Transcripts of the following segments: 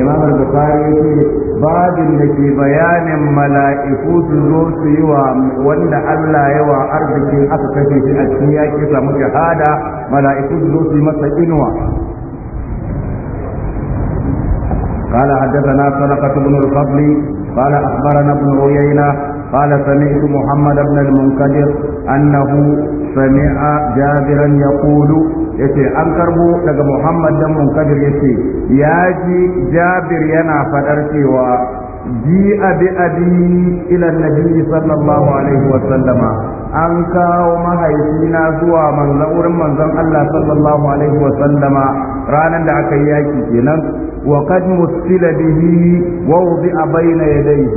imam al-bukhari yace babin da ke bayanin mala'iku su zo su yi wa wanda Allah ya wa arziki aka kashe shi a cikin yaƙi samu shahada mala'iku su zo su yi masa inuwa قال حدثنا صدقة بن الفضل قال أخبرنا ابن عيينة قال سمعت محمد annabu المنكدر أنه ya kudu يقول yace an karɓo daga Muhammad da Munkadir yace ya ji Jabir yana fadar cewa ji abi abi ila nabi sallallahu alaihi wa sallama an kawo mahaifina zuwa manzon wurin manzon Allah sallallahu alaihi wa sallama ranan da aka yi yaki kenan وقد مثل a ووضع ya يديه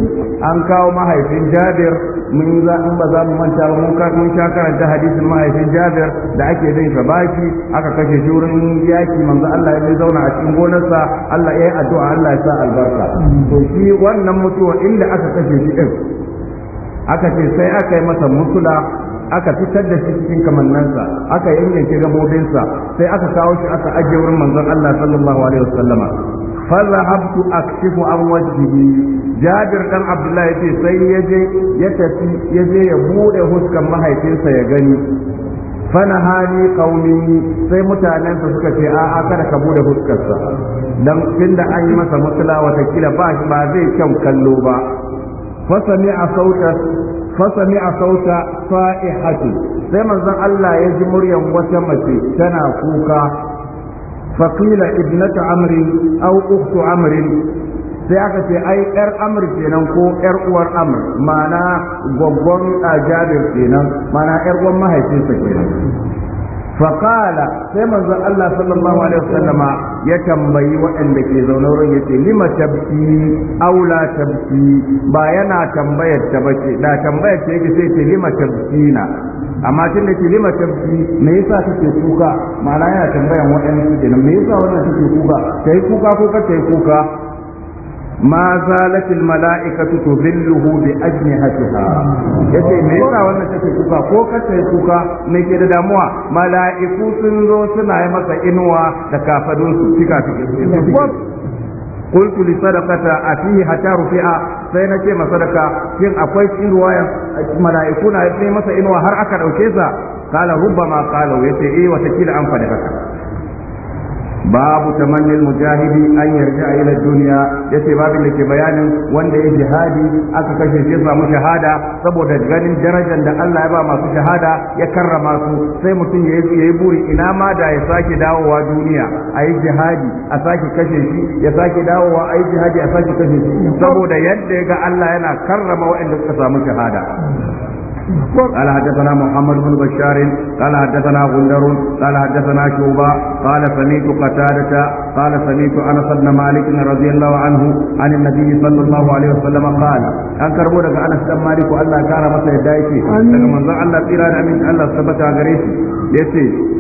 an kawo mahaifin jabir mun in ba za mu manta ba mun mun sha karanta hadisin mahaifin jabir da ake bin sa baki aka kashe shi wurin yaki manzo Allah ya zauna a cikin gonarsa Allah ya yi addu'a Allah ya sa albarka to shi wannan mutuwa inda aka kashe shi din aka ce sai aka yi masa musula aka fitar da shi cikin kamannansa aka yanyanke gabobinsa sai aka kawo shi aka ajiye wurin manzon Allah sallallahu alaihi wasallama فذهبت اكشف akshifu an wajhihi jabir dan Abdullahi yace sai yaje ya tafi yaje ya bude huskan mahaifinsa ya gani hali qaumi sai mutanen suka ce a kada ka bude huskarsa dan tunda an yi masa musula wata kila ba ba zai kyan kallo ba sami a sautar a sauta صائحة sai manzon Allah ya ji muryan wata mace tana kuka faqila ibnatu amri aw ukhtu amri sai aka ce ai yar amr kenan ko yar uwar amr ma'ana gwaggon ajabir kenan ma'ana yar uwar mahaifinsa kenan فقال سيما الله صلى الله عليه وسلم يتنبي وإن لكي زونور يتي لما تبكي أو لا تبكي باينا تنبية تبكي لا تنبية تيكي لما تبكينا amma tun da ke lima tabbi me yasa kake kuka ma'ana yana tambayan waɗannan kenan me yasa wannan kake kuka kai kuka ko ka kai kuka ma zalatil mala'ikatu tudhilluhu bi ajnihatiha yace me yasa wannan take kuka ko kace kuka me ke da damuwa mala'iku sun zo yi masa inuwa da kafadun su fika fika قلت لصدقة أفيه حتى رفع sai na ce masadaka shin akwai cikin ruwayan mala'iku na sai masa inuwa har aka dauke sa kala rubba ma kala yace eh wata kila an faɗi haka babu tamannin mujahidi an yarda a ila duniya yace babin da ke bayanin wanda ya jihadi aka kashe shi samu shahada saboda ganin darajar da Allah ya ba masu shahada ya karrama su sai mutum ya yi buri ina ma da ya sake dawowa duniya a yi jihadi a sake kashe shi ya sake dawowa a yi jihadi a sake kashe shi saboda yadda ya ga Allah yana karrama waɗanda suka samu shahada قال حدثنا محمد بن بشار قال حدثنا غندر قال حدثنا شوبا قال سميت قتادة قال سميت أنس بن مالك رضي الله عنه عن النبي صلى الله عليه وسلم قال أن كربو لك أنس بن مالك وأن كان مثل الدايتي لكن من الله إلى أن الله ثبت على يسي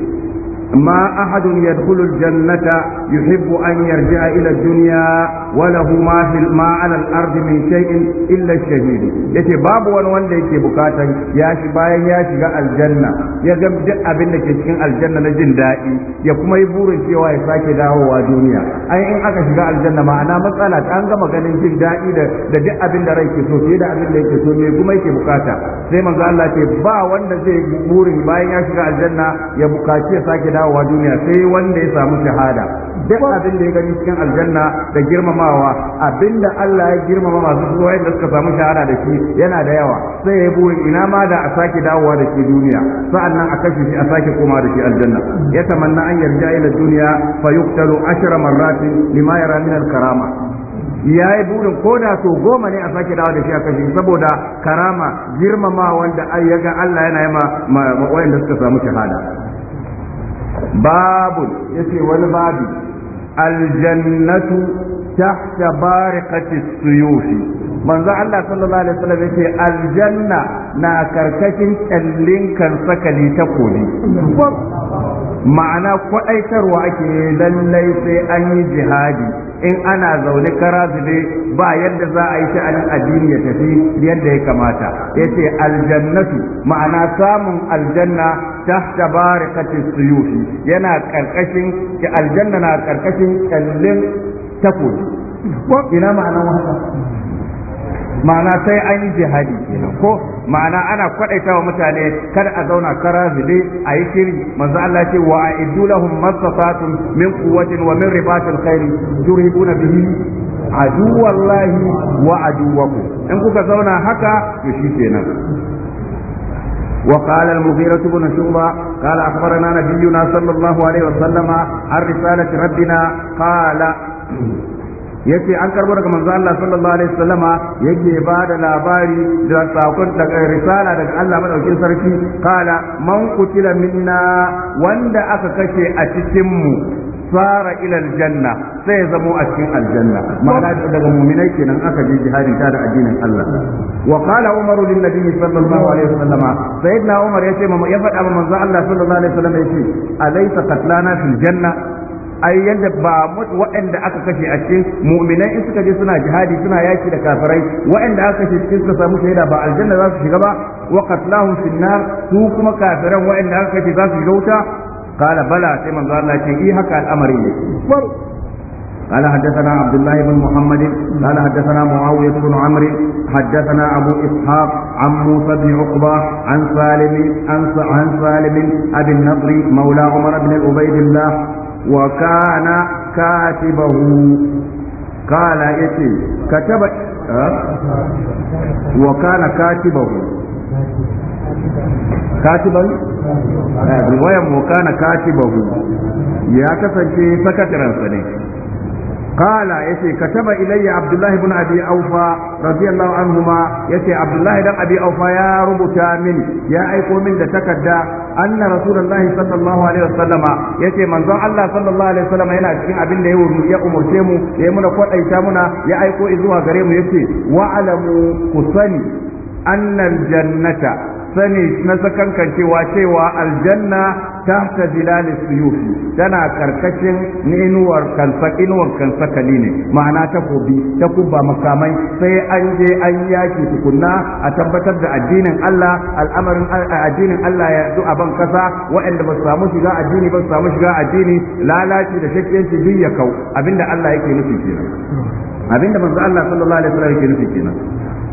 ما أحد يدخل الجنة يحب أن يرجع إلى الدنيا وله ما في ما على الأرض من شيء إلا الشهيد يتي باب وان وان يتي بكاتا ياشي باين ياشي الجنة يغم دق أبن كتكين الجنة نجن دائي يكما يبور سيوا يساكي داهو ودنيا أي إن أكا شغاء الجنة معنا مسألة أنغا مغنين جن دائي دا دق أبن داري كسو سيدا أبن داري كسو يكما يتي بكاتا سيما قال الله تي با وان زي بور باين ياشي الجنة يبكاتي ساكي داهو dawowa duniya sai wanda ya samu shahada duk abin da ya gani cikin aljanna da girmamawa abin da Allah ya girmama masu zuwa yadda suka samu shahada da shi yana da yawa sai ya burin ina ma da a sake dawowa da shi duniya sa'annan a kashe shi a sake koma da shi aljanna ya tamanna an yarda ila duniya fa yuqtalu ashra marratin lima yara min karama ya yi burin ko da so goma ne a sake dawo da shi a kashi saboda karama girmama wanda ai Allah yana yi ma wayanda suka samu shahada باب يسي والباب الجنة تحت بارقة السيوف manzo Allah sallallahu alaihi wasallam yace aljanna na karkashin kallin kan sakali ta koli ma'ana aitarwa ake lallai sai an yi jihadi in ana zaune kara zube ba yadda za a yi sha'anin addini ya tafi yadda ya kamata yace aljannatu ma'ana samun aljanna tahta barikati suyufi yana karkashin aljanna na karkashin kyallin ko ina ma'ana wannan ma'ana sai an yi jihadi kenan ko ma'ana ana wa mutane kada a zauna kara zile a yi shiri manzo Allah ce wa a'iddu lahum masafatun min quwwatin wa min ribatil khairi turhibuna bihi wallahi wa wako in kuka zauna haka to shi kenan وقال المغيرة بن شعبة قال أخبرنا نبينا صلى الله عليه وسلم عن رسالة ربنا قال yace an karbo daga manzo Allah sallallahu alaihi wasallama yake ba da labari da sakon daga risala daga Allah madaukin sarki kala man kutila minna wanda aka kashe a cikin mu sara ila aljanna sai ya zamo a cikin aljanna ma'ana daga mu'minai kenan aka je jihadin ta da addinin Allah wa qala umar lin nabiy sallallahu alaihi wasallama sayyidina umar ya ce ya faɗa manzo Allah sallallahu alaihi wasallama yace alaysa qatlana fil janna ai yadda ba waɗanda aka kashe a cikin mu'minai in suka je suna jihadi suna yaki da kafirai waɗanda aka kashe cikin suka samu shaida ba aljanna za su shiga ba wa qatlahum fi su kuma kafiran waɗanda aka kashe za su shiga wuta qala bala sai manzo Allah ce eh haka al'amari ne قال حدثنا عبد الله بن محمد قال حدثنا معاوية بن عمرو حدثنا أبو إسحاق عن موسى بن عقبة عن سالم عن سالم أبي النضر مولى عمر بن عبيد الله وكان كاتبه قال يتي كتب أه؟ وكان كاتبه katiban riwayan mu kana katibahu ya kasance sakataransa ne kala yace kataba ilayya abdullahi ibn abi aufa radiyallahu anhuma yace abdullahi dan abi aufa ya rubuta min ya aiko min da takarda anna rasulullahi sallallahu alaihi wasallama yace manzon Allah sallallahu alaihi wasallama yana cikin abin da ya umurce mu ya muna kwadaita muna ya aiko zuwa gare mu yace wa alamu kusani annal jannata sani na sakankan cewa cewa aljanna tahta zilal suyuf tana karkashin inuwar kansa inuwar ne ma'ana takobi ta kubba makamai sai an je an yaki tukunna a tabbatar da addinin Allah al'amarin addinin Allah a ban kasa waɗanda ba su samu shiga addini ba samu shiga addini lalaci da shakkiyanci duk ya kau abinda Allah yake nufi kenan abinda manzo Allah sallallahu alaihi wasallam yake nufi kenan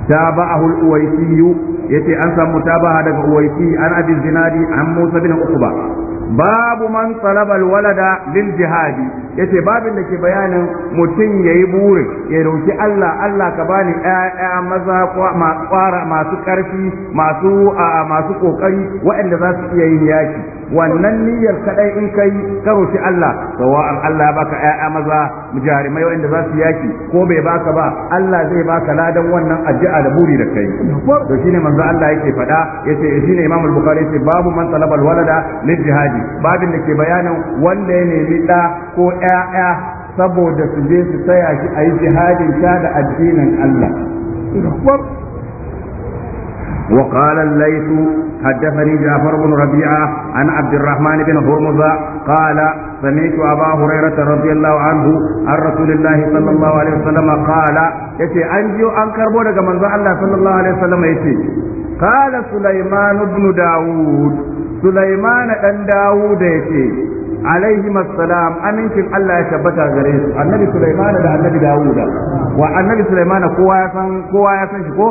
تابعه الأويسي يتي أنسى متابعة دك أويسي عن أبي الزناد عن موسى بن عقبة باب من طلب الولد للجهاد yace babin da ke bayanin mutum ya yi burin ya roki Allah Allah ka bani ƴaƴa maza ƙwara masu ƙarfi masu masu ƙoƙari waɗanda za su iya yin yaki wannan niyyar kadai in kai karo shi Allah sawa'an Allah ya baka ƴaƴa maza jarumai wanda za su yaki ko bai baka ba Allah zai baka ladan wannan addu'a da buri da kai to shine manzo Allah yake faɗa yace shine Imam al-Bukhari yace babu man talaba al-walada lil jihadi babin da ke bayanin wanda ya nemi da ko ƴaƴa saboda su je su tsaya shi a yi jihadin ta da addinin Allah وقال الليث حدثني جعفر بن ربيعة عن عبد الرحمن بن هرمز قال سمعت أبا هريرة رضي الله عنه عن رسول الله صلى الله عليه وسلم قال يتي أنجي أنكر بودك من الله صلى الله عليه وسلم يتي قال سليمان بن داود سليمان بن داود يتي alaihi assalam amincin Allah ya tabbata gare su annabi Sulaiman da annabi Dawud wa annabi Sulaiman kowa ya san kowa ya san shi ko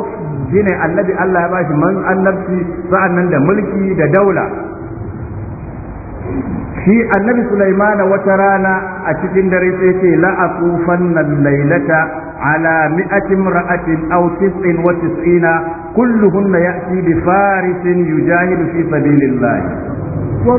shine annabi Allah ya bashi man annabci nan da mulki da daula shi annabi Sulaiman wata rana a cikin dare sai ce la atufanna lailata على مئة aw tis'in wa tis'ina kulluhunna ya'ti bi farisin yujahidu fi sabilillah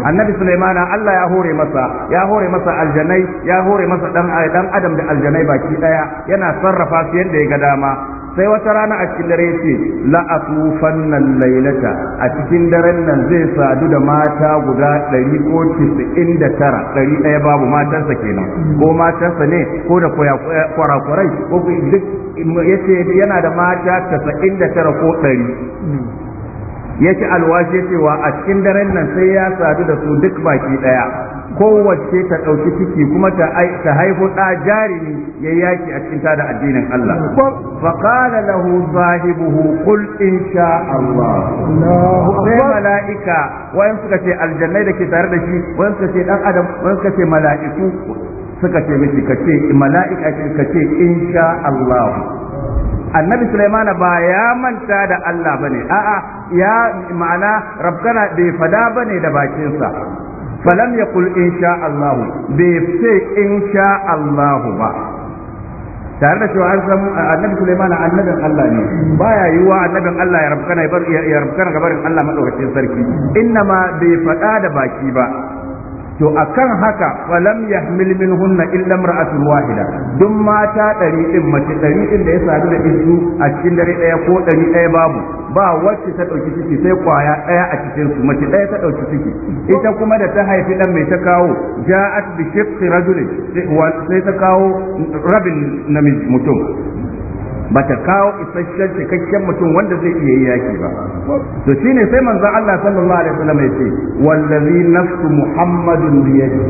annabi sulaimana Allah ya hore masa ya hore masa aljanai ya hore masa dan eh, dan adam da aljanai baki daya yana sarrafa su yadda ya ga dama sai wata rana a cikin dare yace la atufanna laylata a cikin daren nan zai sadu da mata guda 199 dari daya babu matarsa kenan ko matarsa ne ko da eh, kwara-kwarai ko duk yace yana da mata 99 ko 100 yake alwashe cewa a cikin daren nan sai ya sadu da su duk baki daya kowace ta ɗauki ciki kuma ta haihu ɗa jarimi ya yaki a cikin tada addinin Allah. Faƙala lahu zahibuhu qul in sha Allah. Sai mala'ika wayan suka ce aljannai da ke tare da shi wayan suka ce ɗan adam wayan suka ce mala'iku suka ce mishi ka ce mala'ika ka ce in sha Allah. annabi Sulaiman ba ya manta da Allah bane a'a ya ma'ana rabbana bai fada bane da bakinsa falam yaqul insha Allah bai ce insha Allah ba tare da cewa annabi Sulaiman annabin Allah ne baya yiwa annabin Allah ya rabkana ya rabkana gabarin Allah madaukakin sarki inna ma bai faɗa da baki ba to akan haka falam yahmil minhunna illa imra'atun wahida duk mata ɗari din mace ɗari din da ya sadu da izu a cikin dare ɗaya ko ɗari ɗaya babu ba wacce ta ɗauki ciki sai kwaya ɗaya a cikin su mace ɗaya ta ɗauki ciki ita kuma da ta haifi ɗan mai ta kawo ja'at bi shiqqi rajulin sai ta kawo rabin namiji mutum bata kawo isasshen cikakken mutum wanda zai iya yi yaki ba to shine sai manzo Allah sallallahu alaihi wasallam ya ce wallazi nafsu muhammadin biyadi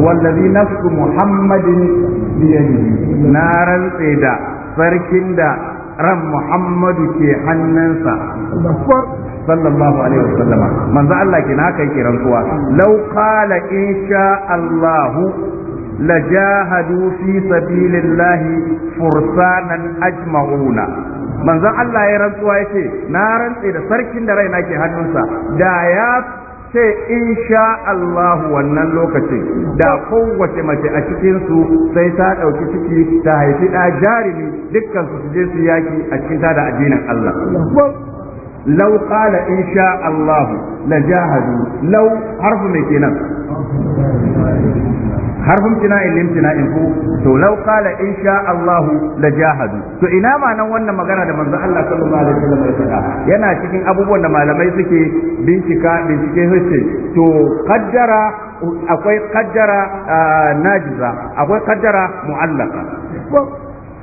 wallazi nafsu muhammadin biyadi na rantse da sarkin da ran muhammadu ke hannansa. sallallahu alaihi wasallama manzo Allah kina haka yake rantsuwa law qala insha Allahu. lajahadu fi sabilillahi fursanan ajma'una manzon Allah ya rantsuwa ce na rantse da sarkin da raina ke hannunsa da ya ce insha Allahu wannan lokacin da kowace mace a cikinsu sai ta ɗauki ciki ta haifi ɗa jarumi dukkan su je su yaki a cikin ta da addinin Allah لو inshaAllahu إن شاء الله لجاهدوا لو mai kenan. harfin tina'in tina'in ku to law qala insha Allah la jahadu to ina ma wannan magana da manzo Allah sallallahu alaihi wasallam ya faɗa yana cikin abubuwan da malamai suke bincika bincike hace to qaddara akwai qaddara ah, najiza akwai qaddara mu'allaka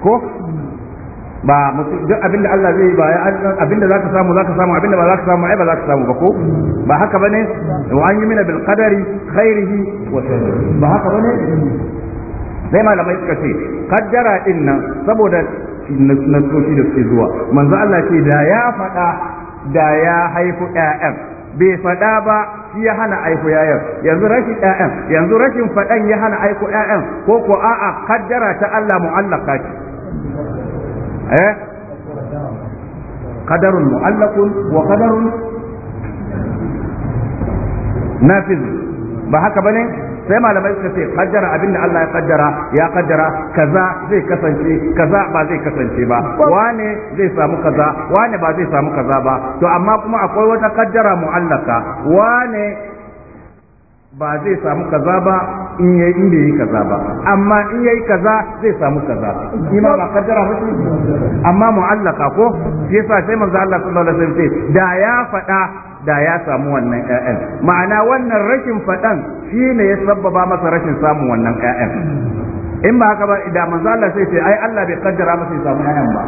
ko ba mutum duk abin da Allah zai ba abin da zaka samu zaka samu abin da ba zaka samu ai ba zaka samu ba ko ba haka bane wa an yumina bil qadari khairihi wa ba haka bane sai malamai suka ce kaddara din nan saboda nasoshi da suke zuwa manzo Allah ce da ya faɗa da ya haifu ƴaƴan bai faɗa ba shi ya hana aiko yayan yanzu rashin ƴaƴan yanzu rashin faɗan ya hana aiko ƴaƴan ko ko a'a kaddara ta Allah mu'allaka ce eh qadarun mu'allaqun wa qadarun nafiz ba haka bane sai malamai suka ce kaddara abin da Allah ya kaddara ya kaddara kaza zai kasance kaza ba zai kasance ba wane zai samu kaza wane ba zai samu kaza ba to amma kuma akwai wata kaddara mu'allaka wane ba zai samu kaza ba in yayi in bai yi kaza ba amma in yayi kaza zai samu kaza ima ba kaddara ba amma mu'allaka ko yasa sai manzo Allah sallallahu alaihi wasallam sai da ya faɗa da ya samu wannan ƴaƴan ma'ana wannan rashin faɗan shine ya sabbaba masa rashin samun wannan ƴaƴan in ba haka ba da manzo Allah sai sai ai Allah bai kaddara masa ya samu ƴaƴan ba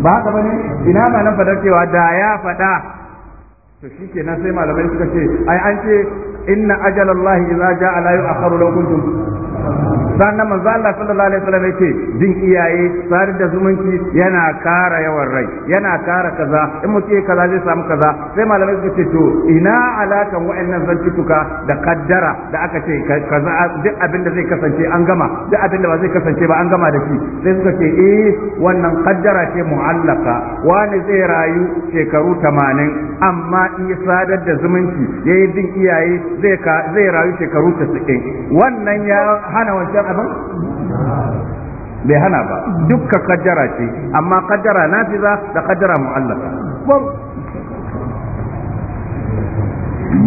ba haka bane ina ma nan fadar cewa da ya faɗa to shikenan sai malamai suka ce ai an ce inna ajalallahi idza jaa la yu'akhkharu law kuntum sannan manzo Allah sallallahu alaihi wasallam yace jin iyaye sadar da zumunci yana kara yawan rai yana kara kaza in mutum kaza zai samu kaza sai malamai suka ce to ina alakan wa'annan zantuka da kaddara da aka ce kaza duk abin da zai kasance an gama duk abin da ba zai kasance ba an gama da shi sai suka ce eh wannan kaddara ce mu'allaka wani zai rayu shekaru 80 amma in ya sadar da zumunci yayi din iyaye zai zai rayu shekaru 90 wannan ya hana wancan abin bai hana ba dukka kaddara ce amma kaddara nafiza da kaddara mu'allaka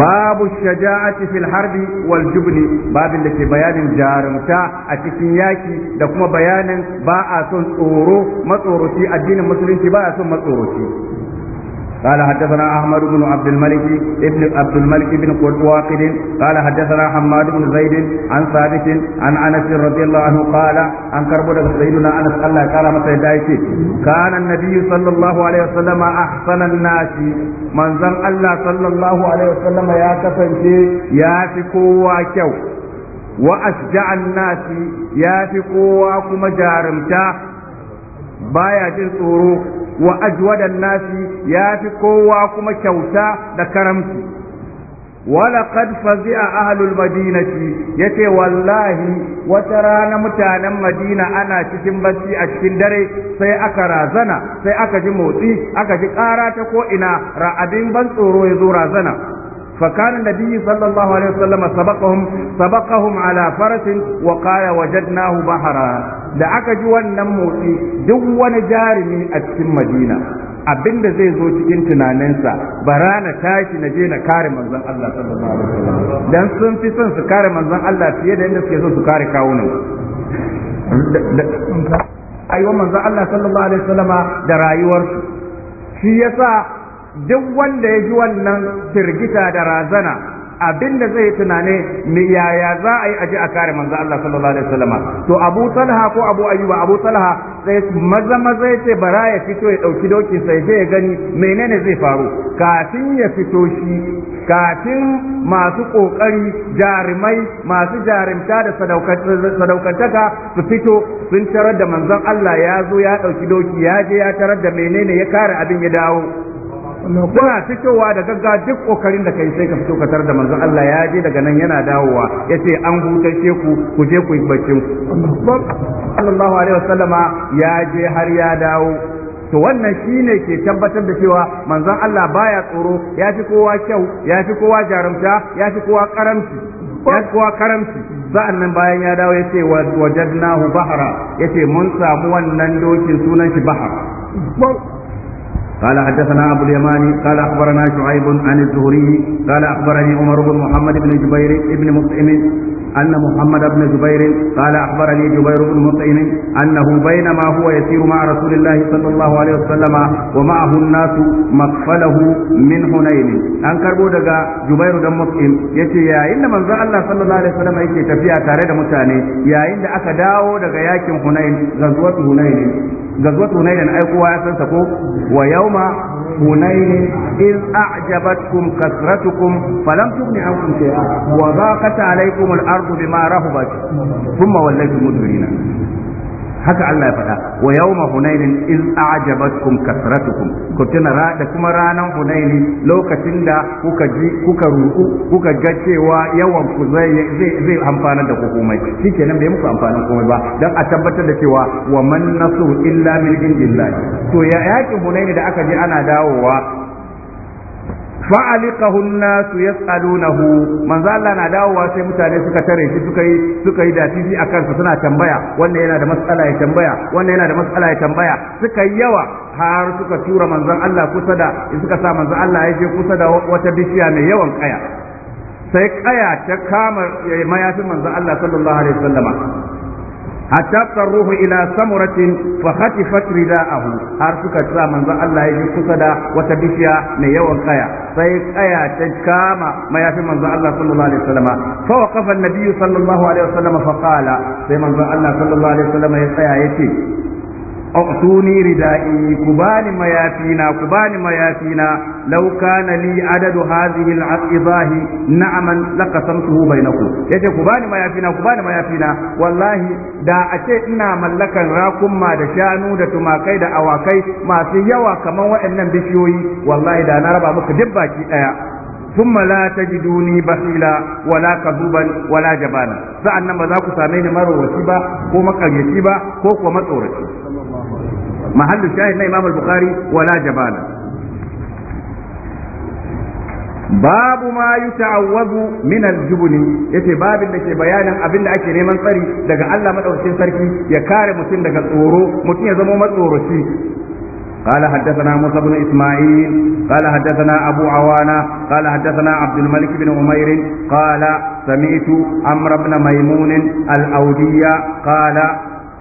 babu shaja'ati fil harbi wal jubni babin da ke bayanin jarumta a cikin yaki da kuma bayanin ba a son tsoro matsoroci addinin musulunci ba a son matsoroci قال حدثنا احمد بن عبد الملك ابن عبد الملك بن واقد قال حدثنا حماد بن زيد عن ثابت عن انس رضي الله عنه قال عن كربلاء سيدنا انس الله قال متى دايتي كان النبي صلى الله عليه وسلم احسن الناس من زن الله صلى الله عليه وسلم يا كفنتي يا في كوا كيو واشجع الناس يا في كوا كما جارمتا baya jin tsoro wa ajwada nasi ya fi kowa kuma kyauta da karamci wala kad fazia ahlul madinati yace wallahi wata rana mutanen madina ana cikin bacci a cikin dare sai aka razana sai aka ji motsi aka ji ƙara ta ko'ina, ina ra'adin ban tsoro ya zo razana فكان النبي صلى الله عليه وسلم سبقهم سبقهم على فرس وقال وجدناه بحرا da aka ji wannan motsi duk wani jarumi a cikin madina abin da zai zo cikin tunaninsa bara na tashi na je na kare manzon Allah sallallahu alaihi wasallam dan sun fi son su kare manzon Allah fiye da yadda suke son su kare kawunan aiwa manzon Allah sallallahu alaihi da rayuwarsu shi yasa duk wanda ya ji wannan firgita da razana abin da zai tunane ni yaya za a yi aji a kare manzo Allah sallallahu alaihi wasallam to Abu Talha ko Abu Ayyuba Abu Talha sai maza maza ya ce bara ya fito ya dauki doki, sai sai ya gani menene zai faru kafin ya fito shi kafin masu kokari jarumai masu jarumta da sadaukantaka su fito sun tarar da manzon Allah ya zo ya dauki doki ya je ya tarar da menene ya kare abin ya dawo kuna fitowa da gagga duk kokarin da kai sai ka fito ka tar da manzon Allah ya je daga nan yana dawowa yace an hutashe ku ku je ku yi baccin ku sallallahu alaihi wasallama ya je har ya dawo to wannan shine ke tabbatar da cewa manzon Allah baya tsoro ya fi kowa kyau ya fi kowa jarumta ya fi kowa karamci ya fi kowa karamci za'an nan bayan ya dawo ya ce wajadnahu bahara ya ce mun samu wannan dokin sunan shi bahara قال حدثنا أبو اليماني قال أخبرنا شعيب عن الزهري قال أخبرني عمر بن محمد بن جبير بن مطعم أن محمد بن جبير قال أخبرني جبير بن مطعم أنه بينما هو يسير مع رسول الله صلى الله عليه وسلم ومعه الناس مقفله من حنين أن كربو دقا جبير بن مطعم يتي يا إن من الله صلى الله عليه وسلم يتي تفيا تارد متاني يا إن أكا داو دقا ياكم حنين غزوة حنين غزوة حنين أي قوة يسنسكو ويوم حنين إذ أعجبتكم كثرتكم فلم تغن عنكم شيئا وضاقت عليكم الأرض ardu bima rahubat thumma mudbirina haka Allah ya faɗa wa yawma hunainin iz a'jabatkum kasratukum ku tuna da kuma ranan hunaini lokacin da kuka ji kuka ruku kuka ga cewa yawan ku zai zai amfana da komai shikenan bai muku amfanin komai ba dan a tabbatar da cewa wa man nasu illa min indillah to ya yakin hunaini da aka je ana dawowa fa'alikahu nasu yas'alunahu manzo Allah na dawowa sai mutane suka tare shi suka yi suka yi a kansa suna tambaya wannan yana da matsala ya tambaya wannan yana da matsala ya tambaya suka yi yawa har suka tura manzan Allah kusa da suka sa manzan Allah ya je kusa da wata bishiya mai yawan kaya sai kaya ta kama mayafin manzan Allah sallallahu alaihi wasallama hatta qarruhu ila samuratin fa khatifat ridaahu har suka sa manzon Allah ya ji kusa da wata bishiya mai yawan kaya sai kaya ta kama mayafin manzon Allah sallallahu alaihi wasallam fa waqafa an-nabiy sallallahu alaihi wasallam fa qala sai manzon Allah sallallahu alaihi wasallam ya tsaya yace اعطوني ردائي كبان ما ميافينا كبان ما ميافينا لو كان لي عدد هذه العظاه نعما لقسمته بينكم يجي كبان ما ميافينا كبان ما ميافينا والله دا أتي انا ملكا راكم ما دشانو دا تماكي دا أواكي ما في سيوا كما وإنن بشيوي والله دا نربا مكدبا كي ثم لا تجدوني بخيلا ولا كذوبا ولا جبانا sa'an nan ba za ku same ni maro wasi كو ko makaryaci mahallu shahid na imam al-bukhari wala jabala babu ma yuta'awwazu min al-jubni yace babin da ke bayanin abin da ake neman tsari daga Allah madaukakin sarki ya kare mutum daga tsoro mutum ya zama matsoroci قال حدثنا موسى بن اسماعيل قال حدثنا ابو عوانه قال حدثنا عبد الملك بن عمير قال سمعت عمرو بن ميمون الاودي قال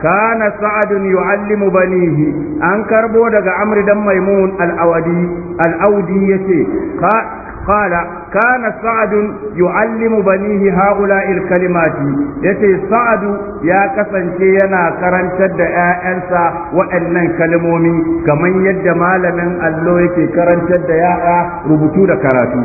kana sa'adun yu'allimu banihi an karɓo daga amridan dan maimun al-awadi Kana Sa'adun yace Banihi كان سعد يعلم بنيه هؤلاء الكلمات يتي سعد يا كسن ينا كرنتر دا ƴaƴansa waɗannan kalmomi kamar yadda malamin allo yake karantar da yaya rubutu da karatu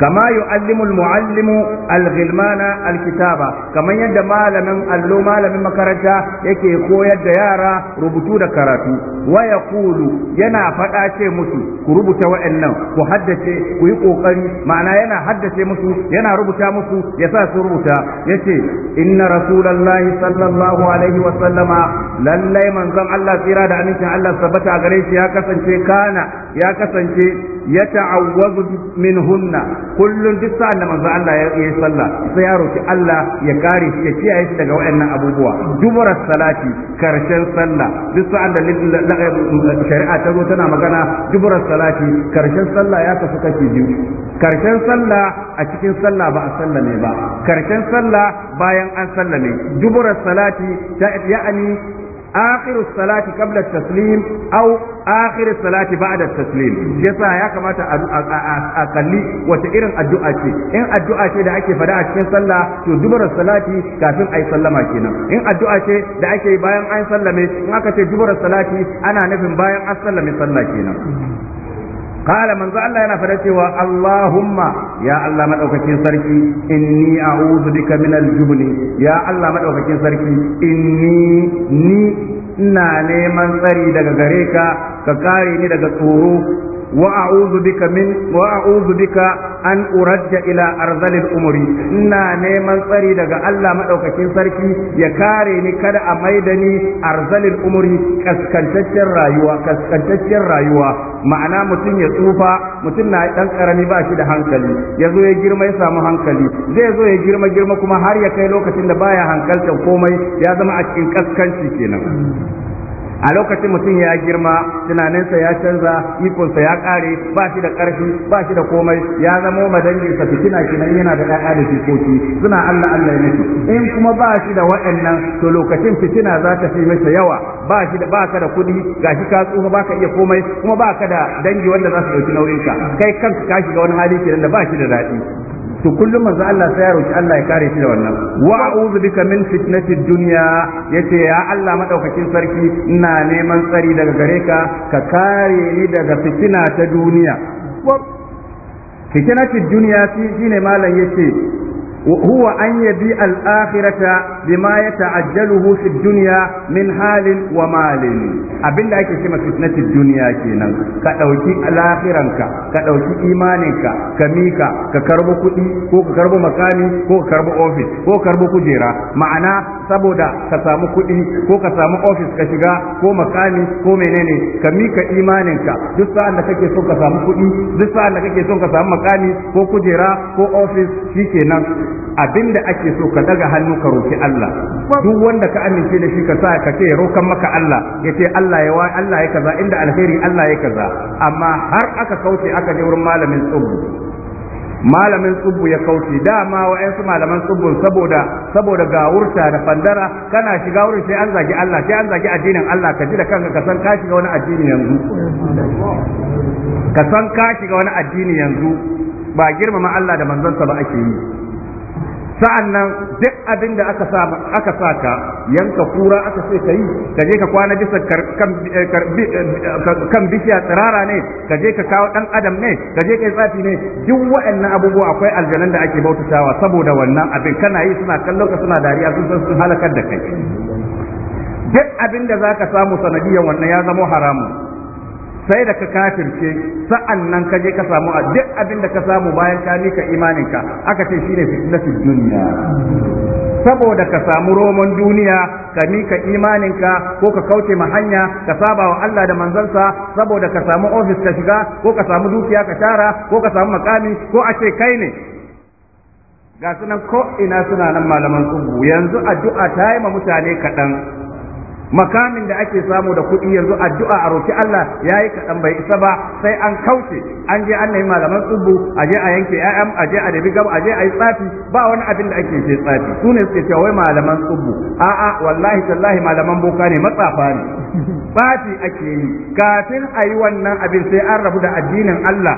كما يعلم المعلم الغلمان al'kitaba, kamar yadda مالم allo مالم makaranta yake koyar da yara rubutu da karatu waya kulu yana faɗa ce musu ku rubuta wa'annan ku haddace ku yi ƙoƙari ma'ana yana haddace musu yana rubuta musu ya sa su rubuta ya ce inna rasulallahi sallallahu alaihi wa sallama lallai manzon Allah tsira da amincin Allah sabbata a gare shi ya kasance kana ya kasance ya ta'awwazu hunna. Kullum duk sa'an da manzo Allah ya yi sallah sai ya roki Allah ya kare shi ya kiyaye shi daga waɗannan abubuwa dubarar salati karshen sallah duk sa'an da shari'a ta zo tana magana dubarar salati karshen sallah ya kasu kashi biyu karshen sallah a cikin sallah ba a sallame ba karshen sallah bayan an sallame dubarar salati ya'ani taslim au آخر الصلاة قبل da taslim آخر الصلاة بعد التسليم يسا يا كما أقلي وتئرن الدعاء addu'a ce da ake fada a cikin sallah to dubara salati kafin ayi sallama kenan in addu'a ce da ake bayan an sallame in aka ce dubara salati ana nufin bayan an sallame sallah kenan qala manzo Allah yana fada cewa Allahumma ya Allah madaukakin sarki inni a'udhu bika min jubni ya Allah madaukakin sarki inni ni ina neman tsari daga gare ka ka kare ni daga tsoro وأعوذ بك من ila arzalin umri أرد neman tsari daga Allah madaukakin sarki ya kare ni kada a maidani arzalin umri ƙaskantaccen rayuwa kaskantaccen rayuwa ma'ana mutum ya tsufa mutum na ɗan karami ba shi da hankali ya zo ya girma ya samu hankali zai zo ya girma girma kuma har ya kai lokacin da baya hankaltar komai ya zama a cikin kaskanci kenan a lokacin mutum ya girma tunaninsa ya canza ikonsa ya kare ba shi da karfi ba shi da komai ya zamo madanginsa fitina kenan yana da ƴaƴa da jikoki suna Allah Allah ya mutu in kuma ba shi da waɗannan to lokacin fitina za ta fi masa yawa ba shi da baka da kuɗi gashi ka tsufa baka iya komai kuma baka da dangi wanda za su ɗauki nauyinka kai kanka ka shiga wani hali kenan da ba shi da daɗi to kullum manzo Allah sai ya roki Allah ya kare shi da wannan wa a'udhu bika min fitnatid dunya yace ya Allah madaukakin sarki ina neman tsari daga gare ka ka kare ni daga fitina ta duniya fitnatid dunya shine malam yace وهو أن يبيع الآخرة بما يتعجله في الدنيا من حال ومال أبن لك كما فتنة الدنيا كينا كأوكي ka كأوكي إيمانك كميكا ka كدي كو كرب مكاني كو كرب أوفيس كو كرب كجيرة معنى saboda ka samu kuɗi ko ka samu ofis ka shiga ko makami ko menene ka mika imaninka duk sa'an da kake so ka samu kuɗi duk sa'an da kake so ka samu makami ko kujera ko ofis kenan. da ake so ka daga hannu ka roki Allah duk wanda ka amince da shi ka sa ka ce rokan maka Allah ce Allah ya wai Allah ya kaza inda alheri Allah ya kaza amma har aka kauce aka je wurin malamin tsubbu malamin tsubbu ya kauce dama wa'yansu malaman tsubbu saboda saboda gawurta da fandara kana shiga wurin sai an zagi Allah sai an zagi addinin Allah ka ji da kanka ka san ka shiga wani addini yanzu ka san ka shiga wani addini yanzu ba girmama Allah da manzonsa ba ake yi sa'an nan duk abin da aka sa ka yanka kura aka sai ka yi ka je ka kwana bisa kan bishiya tsirara ne ka je ka kawo dan adam ne ka je ka yi tsafi ne duk wa'annan abubuwa akwai aljanan da ake bautatawa saboda wannan abin kana yi suna kallon ka suna dariya sun san sun halakar da kai duk abin da zaka samu sanadiyar wannan ya zama haramun sai da ka kafirce sa'an nan ka je ka samu a duk abin da ka samu bayan ka mika ka aka ce shine fitnatul duniya saboda ka samu roman duniya ka mika ka ko ka kauce ma hanya ka saba wa Allah da manzansa saboda ka samu ofis ka shiga ko ka samu dukiya ka tara ko ka samu makami ko a ce kai ne ga sunan ko ina suna nan malaman tsubu yanzu addu'a ta yi ma mutane kaɗan makamin da ake samu da kuɗi yanzu addu'a a roki Allah ya yi kaɗan bai isa ba sai an kauce an je an nemi malaman tsubu a je a yanke ƴaƴan a je a dabi gaba a je a yi tsafi ba wani abin da ake ce tsafi su ne suke cewa wai malaman tsubu a'a wallahi tallahi malaman boka ne matsafa ne tsafi ake yi kafin a yi wannan abin sai an rabu da addinin Allah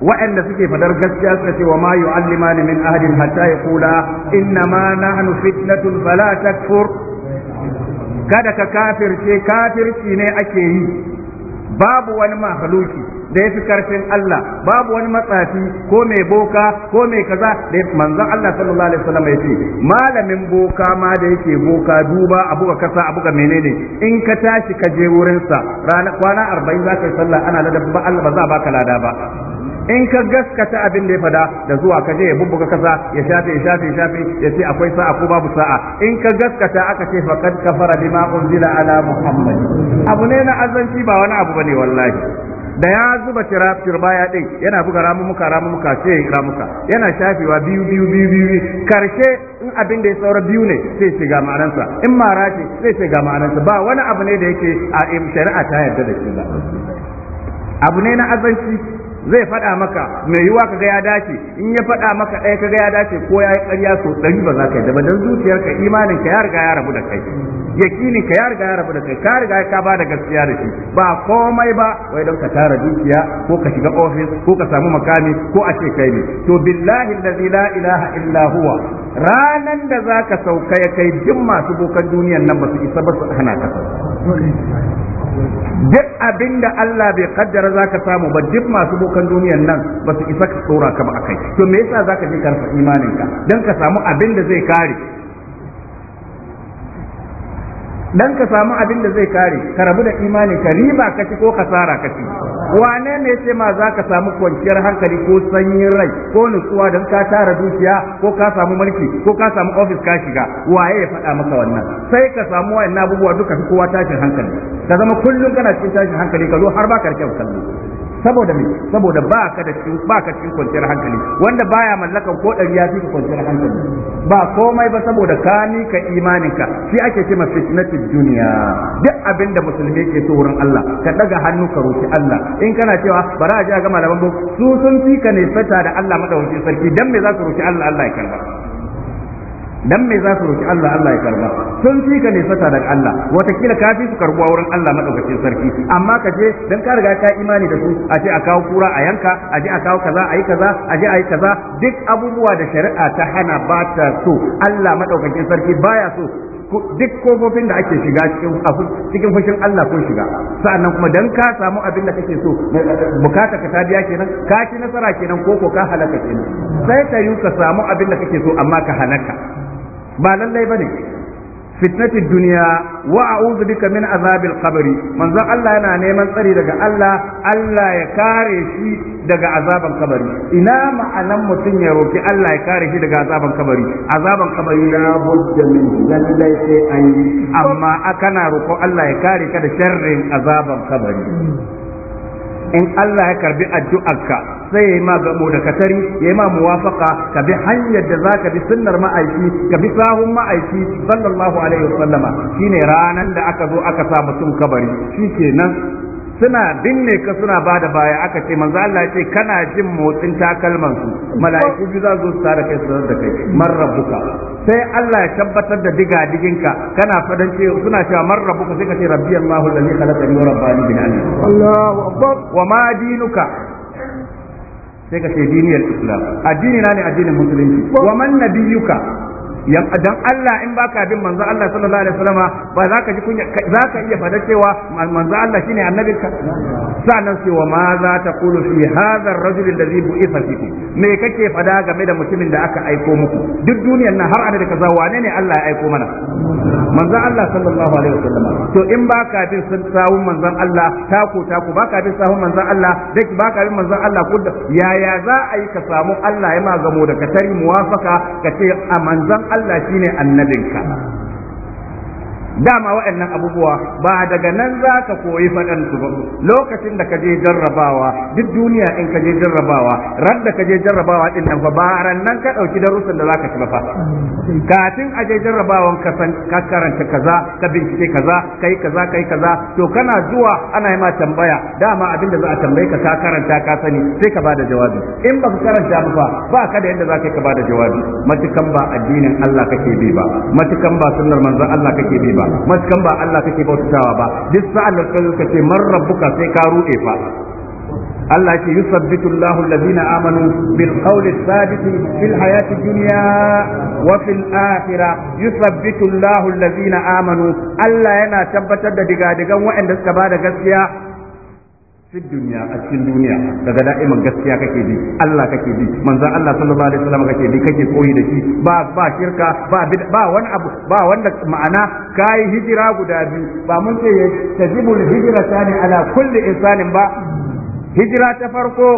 waɗanda suke fadar gaskiya suka ce wa ma yu'allimani min ahadin hatta yaqula inna ma nahnu fitnatun fala takfur kada ka kafirce kafirci ne ake yi babu wani mahaluki da ya fi karfin Allah babu wani matsafi ko mai boka ko mai kaza da manzon Allah sallallahu alaihi wasallam ya ce malamin boka ma da yake boka duba abu ka kasa abu ga menene in ka tashi ka je wurin sa rana kwana 40 za yi sallah ana ladabba Allah ba za baka lada ba in ka gaskata abin da ya fada da zuwa ka je ya bubbuga kasa ya shafe ya shafe ya shafe ya ce akwai sa'a ko babu sa'a in ka gaskata aka ce faqad kafara bima unzila ala muhammad abu ne na azanci ba wani abu bane wallahi da ya zuba turbaya din yana buga ramumuka ramumuka ce ramuka yana shafewa biyu biyu biyu biyu karshe in abin da ya saura biyu ne sai sai ga ma'anarsa in mara ce sai sai ga ma'anarsa ba wani abu ne da yake a shari'a ta yarda da shi ba abu ne na azanci zai faɗa maka mai yiwa kaga ya dace in ya faɗa maka ɗaya kaga ya dace ko ya yi ƙarya so ɗari ba za ka yi da ba don zuciyarka imaninka ya riga ya rabu da kai Yakini ka ya riga ya rabu da kai ka riga ka ba da gaskiya da shi ba komai ba wai don ka tara dukiya ko ka shiga ofis ko ka samu makami ko a ce kai ne to billahi allazi la ilaha illa huwa ranan da zaka sauka ya kai duk masu bokan duniyan nan ba su isa ba su hana ka duk abin Allah bai kaddara za ka samu ba duk masu bokan duniyan nan ba su isa ka tsora ka ba akai to me yasa za ka karfa karfa imaninka don ka samu abin da zai kare dan ka samu abin da zai kare ka rabu da imani ka riba ka ci ko kasara ka ci wane ne ce ma za ka samu kwanciyar hankali ko sanyin rai ko nutsuwa don ka tara dukiya ko ka samu mulki ko ka samu ofis ka shiga waye ya faɗa maka wannan sai ka samu wa'in abubuwa duka kowa tashin hankali ka zama kullum kana cikin tashin hankali ka zo har ba ka rike ka. saboda me saboda ba ka da ba ka cikin kwanciyar hankali wanda baya mallakan ko dari ya fi kwanciyar hankali ba komai ba saboda ka ni ka imaninka shi ake cewa fitnatul duniya duk abin da musulmi ke so wurin Allah ka daga hannu ka roki Allah in kana cewa bara a ji a ga malaman su sun fi ka ne fata da Allah madawacin sarki dan me za ka roki Allah Allah ya karba dan me za su roki Allah Allah ya karba sun fi ka ne daga Allah watakila ka fi su karbuwa wurin Allah madaukakin sarki amma ka je dan ka riga ka imani da su a ce a kawo kura a yanka a je a kawo kaza a yi kaza a je a yi kaza duk abubuwa da shari'a ta hana ba ta so Allah madaukakin sarki baya so duk kofofin da ake shiga cikin cikin fushin Allah ko shiga sa'annan kuma dan ka samu abin da kake so bukata ka ta biya kenan ka ci nasara kenan ko ko ka halaka kenan sai ka yi ka samu abin da kake so amma ka halaka ba lallai bane fitnatid duniya wa a'udhu bika min azabil kabari, manzon Allah yana neman tsari daga Allah Allah ya kare shi daga azaban kabari ina ma'anan mutum ya roki Allah ya kare shi daga azaban kabari azaban kabari la budda min lallai sai an yi amma akana roko Allah ya kare ka da sharrin azaban kabari hmm. in Allah ya karbi addu'arka sai ya yi ma gabo da katari ya yi ma muwafaka ka bi hanyar da za ka bi sunnar ma'aiki ka bi sahun ma'aiki sallallahu alaihi wasallama shine ranar da aka zo aka sa mutum kabari shi shikenan suna binne ka suna ba da baya aka ce manzo Allah ce kana jin motsin takalman su mala'iku biyu za su tare kai su da kai man rabbuka sai Allah ya tabbatar da diga diginka kana fadan ce suna cewa man rabbuka sai ka ce rabbi Allahu allazi khalaqani wa rabbani bi Allahu akbar wa ma dinuka sai ka ce diniyar islam addini na ne addinin musulunci wa man nabiyuka dan Allah in baka bin manzo Allah sallallahu alaihi wasallama ba za ka ji kunya za ka iya fada cewa manzo Allah shine ka? sannan cewa ma za ta kulu fi hadha ar-rajul alladhi bu'itha fikum me kake fada game da mutumin da aka aiko muku duk duniyar nan har ana da kaza wane ne Allah ya aiko mana manzo Allah sallallahu alaihi wasallama to in baka bin sun sawun manzon Allah taku taku baka bin sawun manzon Allah dake baka bin manzon Allah kudda yaya za a yi ka samu Allah ya ma gamo da ka tari muwafaka ka ce a manzon Allah Allah shine annabinka dama waɗannan abubuwa ba daga nan za ka koyi faɗan su ba lokacin da ka je jarrabawa duk duniya in ka je jarrabawa ran da ka je jarrabawa ɗin nan fa baran nan ka ɗauki darussan da za ka ci ba fa kafin a je jarrabawan ka san ka karanta kaza ka bincike kaza kai kaza kai kaza to kana zuwa ana yi ma tambaya dama abin da za a tambayi ka ka karanta ka sani sai ka bada jawabi in ba ka karanta ba ba ka da yadda za ka bada jawabi matukan ba addinin Allah kake bi ba matukan ba sunnar manzon Allah kake bi ba matukan ba Allah kake bautawa ba duk sa'an da ka ce man rabbuka sai ka ruɗe fa Allah ce yusabbitu Allahu allazina amanu bil qawli thabit fil hayati dunya wa fil akhirah yusabbitu Allahu amanu Allah yana tabbatar da diga-digan waɗanda suka bada gaskiya fi duniya a cikin duniya daga da'iman gaskiya kake bi Allah kake bi manzon Allah sallallahu alaihi wasallam kake bi kake koyi da shi ba ba shirka ba ba wani abu ba wanda ma'ana kai hijira guda biyu ba mun ce tajibul hijra tani ala kulli insanin ba hijira ta farko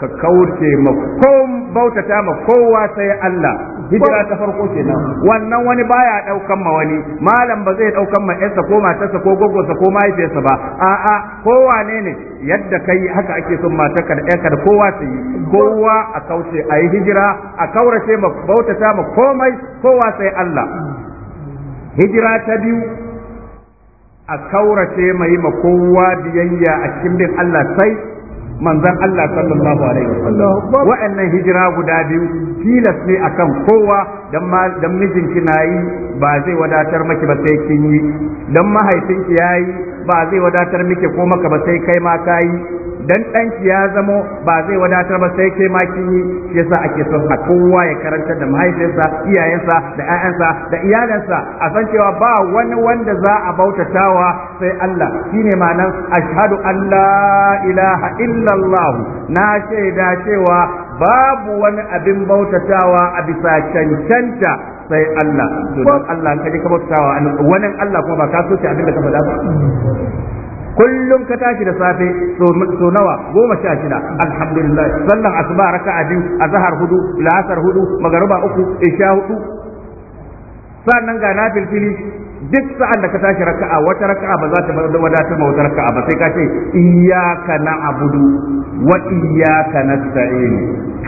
ka kauce ma ko bautata ma kowa sai Allah hijira ta farko kenan wannan wani baya daukan ma wani malam ba zai daukan ma yarsa ko matarsa ko gogonsa ko mahaifiyarsa ba a'a kowa ne ne yadda kai haka ake son matarka da ƴanka da kowa su yi kowa a kauce a yi hijira a kaurace ma bautata ma komai kowa sai Allah hijira ta biyu a kaurace mai ma kowa biyayya a cikin bin Allah sai Manzan Allah sallallahu alaihi wasallam wa'annan hijira guda biyu tilas ne akan kowa dan mijinki na yi ba zai wadatar maki ba sai kin yi dan mahaifinki yayi ba zai wadatar miki ko maka ba sai kai ma kai dan danki ya zama ba zai wadatar ba sai kai ma kin yi shi yasa ake son a kowa ya karanta da mahaifinsa iyayensa da ƴaƴansa da iyalansa a san cewa ba wani wanda za a bautatawa sai Allah shine ma'anar ashhadu an la ilaha illallah na shaida cewa babu wani abin bautatawa a bisa cancanta sai Allah to Allah kaje ka bautatawa wani Allah kuma ba ka so abin da ka faɗa ba kullum ka tashi da safe so nawa goma sha shida alhamdulillah sallan asuba raka'a biyu azhar hudu la'asar hudu magaruba uku isha hudu sannan ga nafil fili duk sa'an da ka tashi raka'a wata raka'a ba za ta wadatar ma wata raka'a ba sai ka ce iyyaka na'budu wa iyyaka nasta'in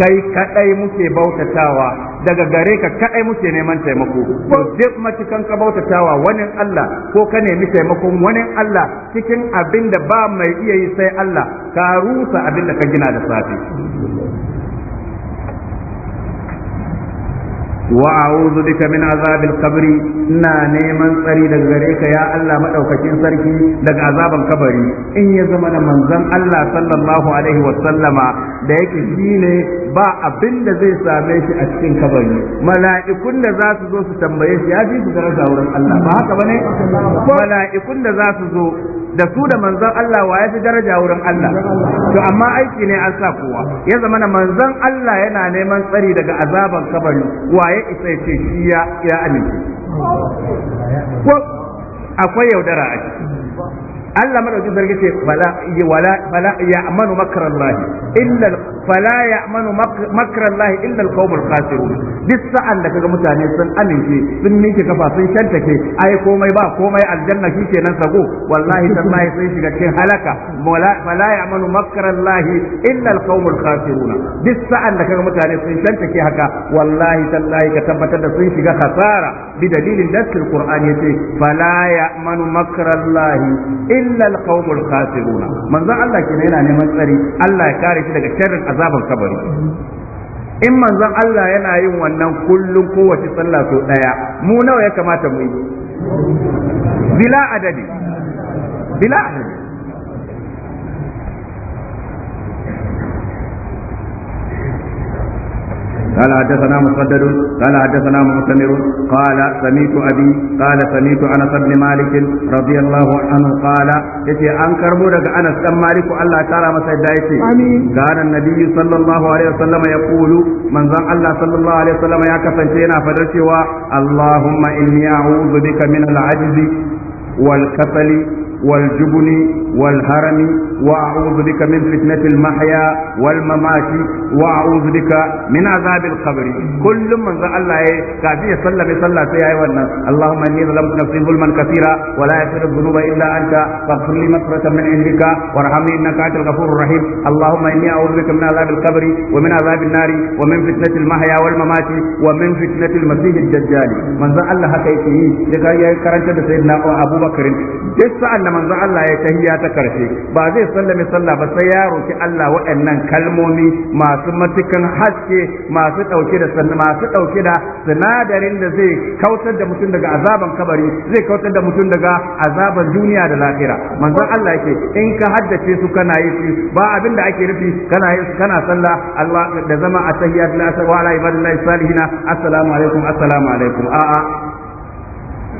kai kadai muke bautatawa daga gare ka kadai muke neman taimako ko duk matukan ka bautatawa wani Allah ko ka nemi taimakon wani Allah cikin abin da ba mai iya yi sai Allah ka rusa abin da ka gina da safe wa a'udhu bika min azabil qabri ina neman tsari daga gare ka ya Allah madaukakin sarki daga azaban kabari in ya zama da manzon Allah sallallahu alaihi wa sallama da yake shine ba abin da zai same shi a cikin kabari mala'ikun da za su zo su tambaye shi ya fi su gara wurin Allah ba haka bane mala'ikun da za su zo da su da manzon Allah wa ya fi daraja wurin Allah to amma aiki ne an sa kowa ya zama na manzon Allah yana neman tsari daga azaban kabari wa ya isa ce shi ya ya amince ko akwai yaudara a ciki Allah madaukin sarki ce fala ya'manu makran lahi illa fala ya'manu makran lahi illa alqawmul khasirun duk sa'an da kaga mutane sun amince sun ninke kafa sun shantake ai komai ba komai aljanna shi kenan sako wallahi tallahi sun shiga cikin halaka fala ya'manu makran lahi illa alqawmul khasirun duk sa'an da kaga mutane sun shantake haka wallahi tallahi ka tabbatar da sun shiga khasara bi dalilin dasil qur'ani yace fala ya'manu makran lahi illa alqaumul khasiruna manzon Allah kenan yana neman tsari Allah ya kare shi daga sharrin azabar kabari in manzon Allah yana yin wannan kullum kowace sallah so daya mu nawa ya kamata mu yi bila adadi bila adadi قال حدثنا مسدد قال حدثنا معتمر قال سميت أبي قال سميت أنس بن مالك رضي الله عنه قال يتي أنكر بودك أنس بن مالك الله تعالى مسجد كان النبي صلى الله عليه وسلم يقول من ظن الله صلى الله عليه وسلم يا كفنتينا فدرسوا اللهم إني أعوذ بك من العجز والكسل والجبن والهرم وأعوذ بك من فتنة المحيا والممات وأعوذ بك من عذاب القبر كل من ذا الله كافي صلى بصلى سيئة والناس اللهم إني ظلمت نفسي ظلما كثيرا ولا يغفر الذنوب إلا أنت فاغفر لي مغفرة من عندك وارحمني إنك أنت الغفور الرحيم اللهم إني أعوذ بك من عذاب القبر ومن عذاب النار ومن فتنة المحيا والممات ومن فتنة المسيح الدجال من ذا الله هكا يكي لكي يكرنت سيدنا أبو بكر جسا أن من ذا الله يتهيأ ta karfe ba zai sallame sallah ba sai ya roki Allah waɗannan kalmomi masu matukan haske masu ɗauke da masu ɗauke da sinadarin da zai kautar da mutum daga azaban kabari zai kautar da mutum daga azaban duniya da lafira manzon Allah yake in ka haddace su kana yi su ba abin da ake rufi kana yi kana sallah Allah da zama a tahiyyat asr wa ala ibadillahi salihina assalamu alaikum assalamu alaikum a'a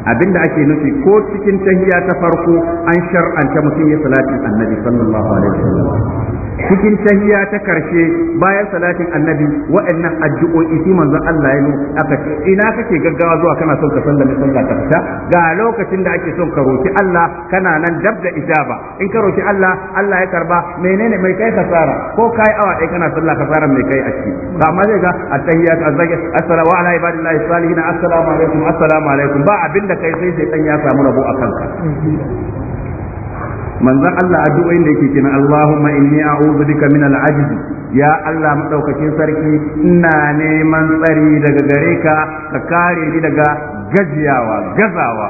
abinda ake nufi ko cikin tahiya ta farko an shar'anta mutum ya salati annabi sallallahu alaihi wasallam cikin tahiyya ta karshe bayan salatin annabi waɗannan addu'o'i su manzon Allah ya aka ce ina kake gaggawa zuwa kana son ka sallame sallah ka fita ga lokacin da ake son ka roki Allah kana nan dab da ijaba in ka roki Allah Allah ya karba menene mai kai kasara ko kai awa ɗaya kana sallah kasara mai kai a ciki ba amma zai ga at-tahiyyat az assalamu ala ibadillahi salihin assalamu alaikum assalamu alaikum ba abinda kai sai sai dan ya samu rabo a kanka manzon Allah addu'o'in da yake kina Allahumma inni a'udhu bika min al ya Allah madaukakin sarki ina neman tsari daga gare ka ka kare ni daga gajiyawa gazawa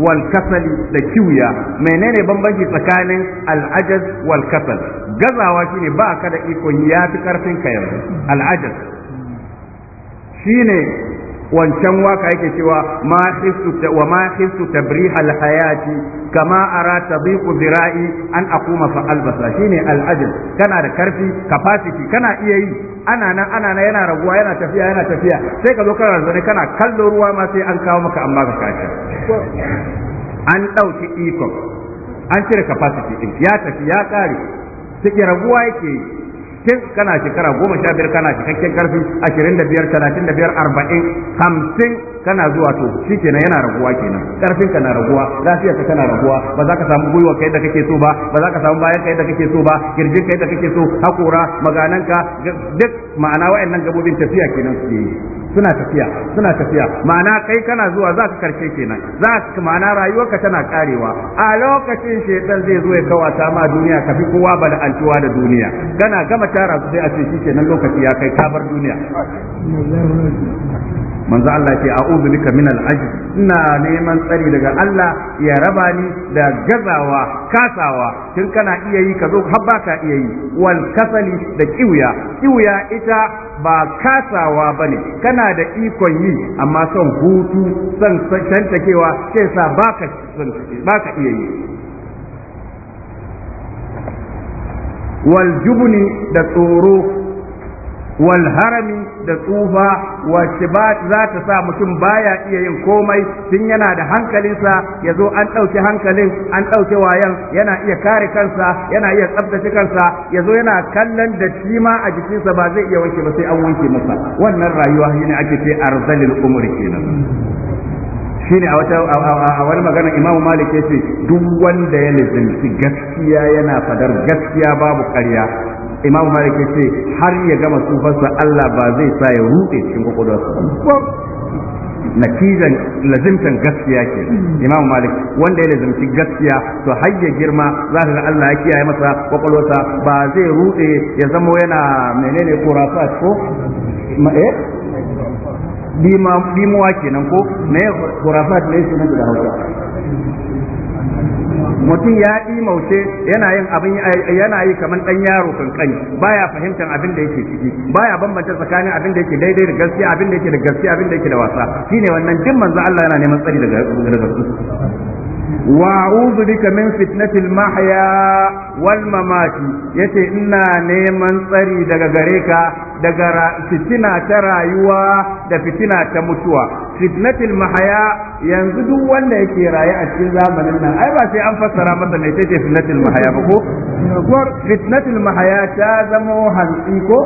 wal kasali da kiwiya menene bambanci tsakanin al wal kasal gazawa shine ba ka da iko ya fi karfin ka yanzu al shine wancan waka yake cewa ma hisu wa ma hisu al hayati kama ara tabiqu zira'i an aquma fa albasa shine ajl kana da karfi capacity kana iya yi ana nan ana nan yana raguwa yana tafiya yana tafiya sai ka zo kana zane kana kallo ruwa ma sai an kawo maka amma ka kace an dauki iko an cire capacity din ya tafi ya kare sai raguwa yake yi tun kana shekara goma sha biyar kana cikakken karfi ashirin da biyar talatin da biyar arba'in hamsin kana zuwa to shi kenan yana raguwa kenan karfin ka na raguwa lafiya ka tana raguwa ba za ka samu gwiwa kai da kake so ba ba za ka samu bayan kai da kake so ba kirjin kai da kake so hakora magananka duk ma'ana wayannan gabobin tafiya kenan suke yi suna tafiya suna tafiya ma'ana kai kana zuwa za ka karshe kenan za ka ma'ana rayuwarka tana karewa a lokacin shedan zai zo ya kawata ma duniya ka fi kowa bala'antuwa da duniya kana gama tara su sai a ce shi kenan lokaci ya kai ka duniya manzo Allah ya ce a'udhu bika min al-ajz ina neman tsari daga Allah ya raba ni da gazawa kasawa tun kana iya yi ka zo har ba ka iya yi wal kasali da kiwya kiwya ita ba kasawa bane kana da ikon yi amma son hutu son tantakewa sai sa baka baka iya yi Wal jubni da tsoro wal da tsufa wacce ba za ta sa mutum baya iya yin komai tun yana da hankalinsa ya zo an ɗauke hankalin an ɗauke wayan yana iya kare kansa yana iya tsabtace kansa ya zo yana kallon da shi ma a jikinsa ba zai iya wanke ba sai an wanke masa wannan rayuwa shine ake ce arzalin umri kenan shine a wata a wani magana imamu malik ya ce duk wanda ya lizinci gaskiya yana fadar gaskiya babu karya. imamu malik yace har ya gama sufarsa Allah ba zai sa ya rute cikin kokodarsa natijan lazimtan gaskiya ke imam malik wanda ya lazimci gaskiya to hayya girma za ka ga Allah ya kiyaye masa kwakwalwarsa ba zai rude ya zama yana menene kurasa ko eh dimuwa kenan ko me kurasa ne su da hausa mutum ya maushe yana yin abin yana yi kamar dan yaro kankan baya fahimtar abin da yake ciki baya bambanta tsakanin abin da yake daidai da gaskiya abin da yake da gaskiya abin da yake da wasa shine wannan din manzo Allah yana neman tsari daga daga su wa a'udhu bika min fitnatil mahya wal mamati yace ina neman tsari daga gare ka daga fitina ta rayuwa da fitina ta mutuwa fitnatil mahaya yanzu duk wanda yake raye a cikin zamanin nan ai ba sai an fassara masa mai ce fitnatil mahaya ba ko fitnatil mahaya ta zama hantsi ko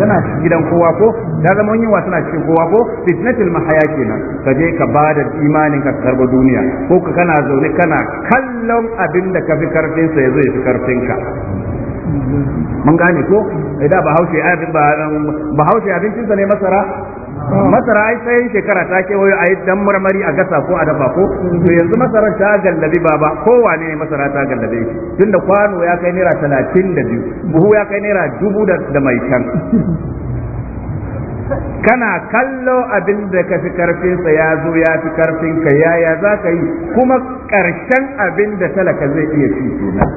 tana gidan kowa ko ta zama yunwa tana cikin kowa ko fitnatil mahaya kenan ka je ka bada imanin ka karba duniya ko ka kana zaune kana kallon abin da ka fi karfin sa yazo ya fi karfin ka mun gane ko idan ba haushe abin ba haushe abincinsa ne masara masara ai sai shekara ta ke wayo ai dan marmari a gasa ko a dafa ko to yanzu masara ta gallabi baba ko ne masara ta gallabe shi tunda kwano ya kai naira talatin da biyu buhu ya kai naira dubu da mai can kana kallo abin da ka fi sa ya zo ya fi ka yaya za ka yi kuma karshen abin da talaka zai iya ci kenan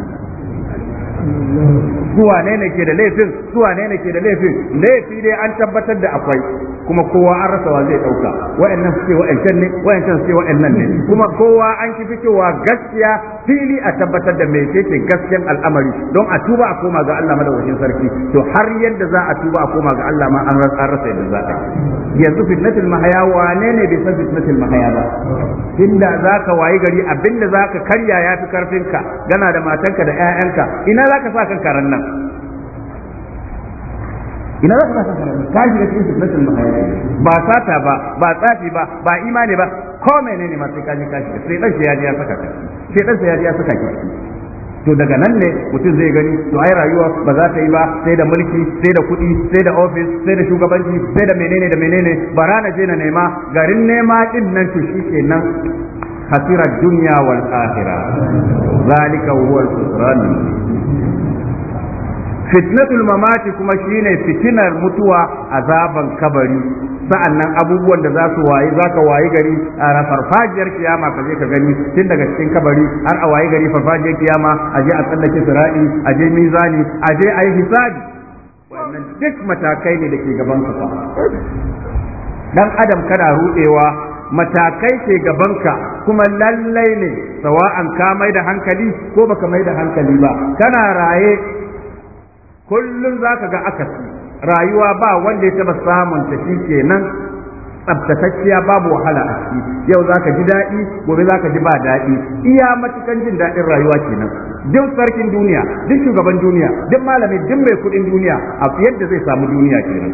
zuwa ne ne ke da laifin zuwa ne ne ke da laifin laifi dai an tabbatar da akwai kuma kowa an rasa wa zai dauka wa'annan suke wa'ancan ne wa'ancan suke wa'annan ne kuma kowa an kifi cewa gaskiya fili a tabbatar da mai mecece gasken al'amari don a tuba a koma ga Allah madawacin sarki to har yadda za a tuba a koma ga Allah ma an rasa yadda za a yanzu fitnatul mahaya wane ne bai san fitnatul mahaya ba inda ka wayi gari abinda ka karya yafi karfinka gana da matanka da 'ya'yanka ina zaka sa kan karan nan ina za ka sa sarari ka shiga cikin sunnatul muhayyari ba sata ba ba tsafi ba ba imani ba ko menene ma sai ka ji ka shi? sai dan sai ya ya saka ka sai dan sai ya ya saka ka to daga nan ne mutum zai gani to ai rayuwa ba za ta yi ba sai da mulki sai da kuɗi sai da ofis sai da shugabanci sai da menene da menene bara rana je na nema garin nema din nan to shikenan wal akhirah zalika huwa al الخسران fitnatul mamati kuma shine fitinar mutuwa azaban kabari sa'annan abubuwan da za su waye za ka waye gari a farfajiyar kiyama ka je ka gani tun daga cikin kabari har a waye gari farfajiyar kiyama a je a tsallake sira'i a je mizani a je a yi hisabi wannan duk matakai ne da ke gaban ka fa dan adam kana rudewa matakai ke gabanka kuma lallai ne sawa'an ka mai da hankali ko baka mai da hankali ba kana raye kullum za ka ga akasi rayuwa ba wanda ya taɓa samun ta shi kenan tsabtatacciya babu wahala a ciki yau za ka ji daɗi gobe za ka ji ba daɗi iya matukan jin daɗin rayuwa kenan duk sarkin duniya duk shugaban duniya duk malami duk mai kuɗin duniya a yadda zai samu duniya kenan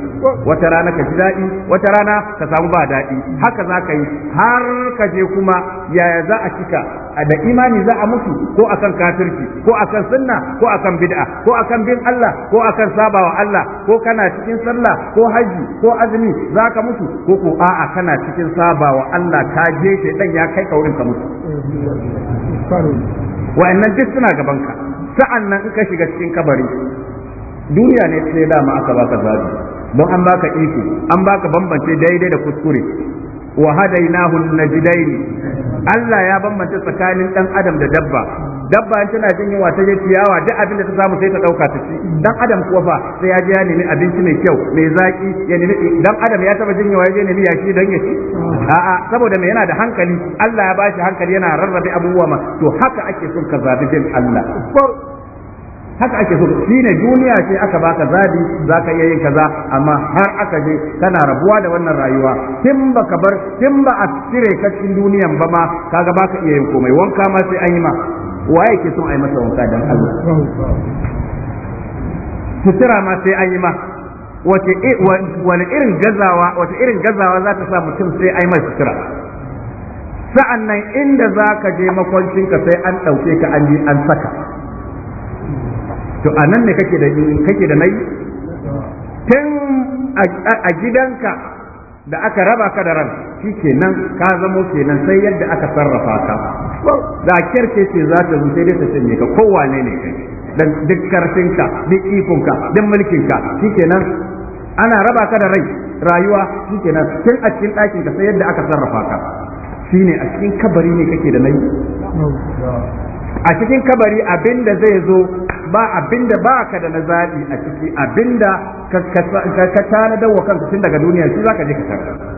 wata rana ka ji daɗi wata rana ka samu ba daɗi haka za ka yi har ka je kuma yaya za a cika da imani za a mutu ko akan kafirci ko akan sunna ko akan bid'a ko akan bin Allah ko akan sabawa Allah ko kana cikin sallah ko haji ko azumi za ka mutu ko ko a'a kana cikin sabawa Allah ka je shi ya kai kaurin ka mutu wa'annan duk suna gaban ka sa'an nan in ka shiga cikin kabari duniya ne sai dama aka baka zabi don an baka iko an baka bambance daidai da kuskure wa hadainahu najdain Allah ya bambanta tsakanin dan adam da dabba dabba in tana jin yunwa ta je ciyawa duk abin da ta samu sai ta dauka ta ci dan adam kuwa fa sai ya je ya nemi abinci mai kyau mai zaki ya nemi dan adam ya taba jin yunwa ya je nemi yaki dan ya ci a'a saboda me yana da hankali Allah ya bashi hankali yana rarrabe abubuwa ma to haka ake son ka zabi jin Allah haka ake so ne duniya ce aka baka zabi ka iya yin kaza amma har aka je kana rabuwa da wannan rayuwa tun ka bar tun ba a cire ka cikin duniyan ba ma ka ba baka iya yin komai wanka ma sai an yi ma wa ke son a yi masa wanka dan Allah sutura ma sai an yi ma wace wani irin gazawa wace irin gazawa za ta sa mutum sai ai mai sutura sa'an nan inda za ka je makwancinka sai an ɗauke ka an an saka to a nan ne kake da kake da nai? tun a gidanka da aka raba ka da ran shi kenan ka zamo kenan sai yadda aka sarrafa ka da kirke ce za ta zo sai dai ta cinye ka kowane ne kai dan duk karfinka duk ikonka duk mulkinka shi kenan ana raba ka da rai rayuwa shi kenan tun a cikin ɗakin ka sai yadda aka sarrafa ka Shi ne a cikin kabari ne kake da nai? a cikin kabari abin da zai zo ba abinda ba ka da na zaɓi a ciki abinda ka tana wa kanka tun daga duniya shi za ka je ka tara.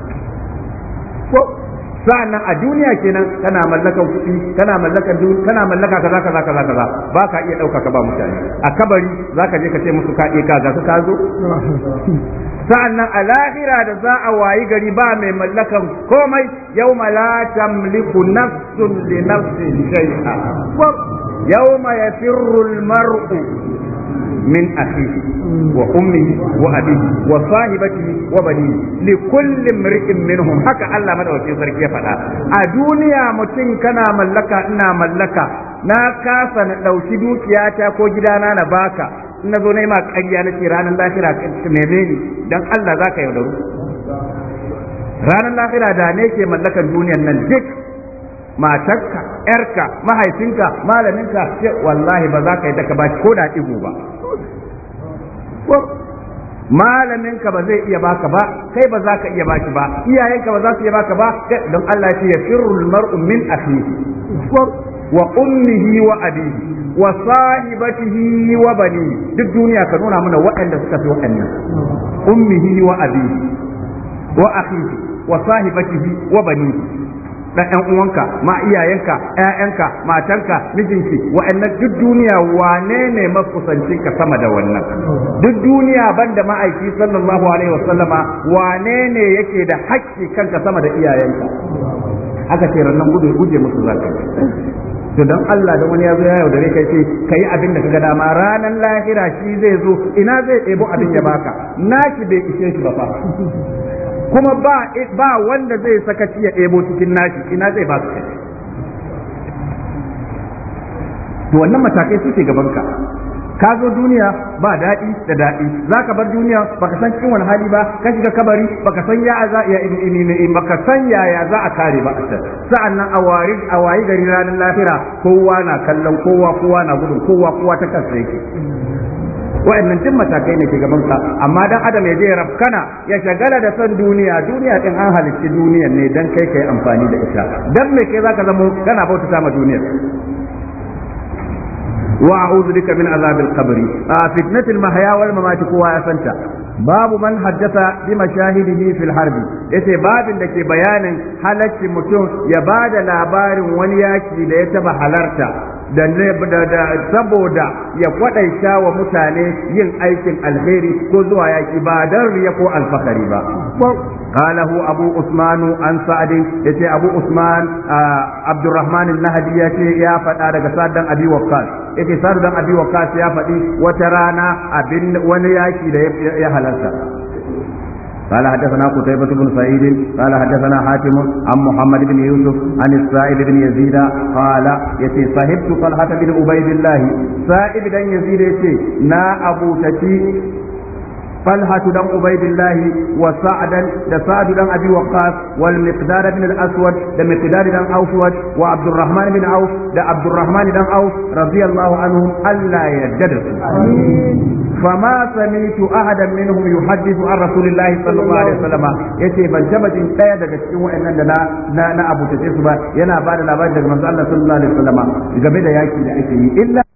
sa'annan a duniya kenan kana mallakan kuɗi kana mallakan duk kana mallaka kaza kaza kaza kaza ba ka iya ɗauka ka ba mutane a kabari za ka je ka ce musu ka ɗe ka ka zo sa'annan a lahira da za a wayi gari ba mai mallakan komai yawma la tamliku nafsun li nafsin shay'a yawma yafirru al-mar'u من أخيه وأمه وأبيه وصاحبته وبنيه لكل امرئ منهم حكى الله مدعو في ذلك فلا أدونيا متين كنا ملكا إنا ملكا نا كاسا لو شدوك يا تاكو gidana na baka ذو نيما nema ƙarya na ce ranar lahira neme ni don Allah za ka yaudaru ranar lahira da ne ke mallakan duniyar nan duk matarka, ‘yarka, mahaifinka, malaminka, wallahi ba za ka yi daga ba ko da ɗigo ba. malamin ka ba zai iya baka ba kai ba za ka iya baki ba iyayenka ba za su iya baka ba don Allah ya ce ya firrul mar'u min akhihi wa ummihi wa abihi wa sahibatihi wa bani duk duniya ka nuna mana waɗanda suka fi waɗannan ummihi wa abihi wa akhihi wa sahibatihi wa bani dan ɗan uwanka ma iyayenka ƴaƴanka matanka mijinki wa'annan duk duniya wane ne makusancin ka sama da wannan duk duniya banda ma'aiki sallallahu alaihi wasallama wane ne yake da haƙƙi kanka sama da iyayenka haka ce rannan gudu guje musu zaka to dan Allah da wani ya zo ya yaudare kai ce kai abin da kaga dama ranan lahira shi zai zo ina zai ɗebo abin ya baka naki bai ishe shi ba fa kuma ba wanda zai saka ya ɗebo cikin nashi ina zai ba su kai to wannan matakai suke gaban ka ka zo duniya ba daɗi da daɗi za ka bar duniya baka san cikin wani hali ba ka shiga kabari baka san ya za ya baka san yaya za a kare ba a sa'annan a wari gari ranar lahira kowa na kallon kowa kowa na gudun kowa kowa ta kansa yake wa'annan duk matakai ne ke gaban ka amma dan adam ya je rafkana ya shagala da san duniya duniya din an halicci duniya ne dan kai kai amfani da ita dan me kai zaka zama kana bauta ma duniya wa a'udhu bika min azabil qabri a fitnatil mahya wal mamati kowa ya santa babu man haddasa bi mashahidihi fil harbi yace babin da ke bayanin halaccin mutum ya bada labarin wani yaki da ya taba halarta Dalle saboda ya kwaɗayta wa mutane yin aikin alheri ko zuwa yaki, ba don riya ko alfakari ba. Halahu Abu Usmanu An-Sa'adin ya ce Abu Usman Abdullahman Nahadi ya ce ya faɗa daga sadan Abi-Wakkas. Ya sadan Abi-Wakkas ya faɗi, wata rana abin wani yaƙi da ya halarta. قال حدثنا قتيبة بن سعيد قال حدثنا حاتم عن محمد بن يوسف عن السائب بن يزيد قال يتي صاحبت طلحة بن عبيد الله سائب بن يزيد يتي نا أبو تتي طلحة بن عبيد الله وسعدا سعد بن أبي وقاص والمقدار بن الأسود ده مقدار بن أوفود وعبد الرحمن بن عوف ده عبد الرحمن بن عوف رضي الله عنهم ألا يجدد فما سمعت أحدا منهم يحدث عن رسول الله صلى الله عليه وسلم yace ban taba jin daya daga cikin wayannan da na na abu tace su ba yana bada labari daga manzo Allah sallallahu alaihi wasallam game da yaki da ake yi illa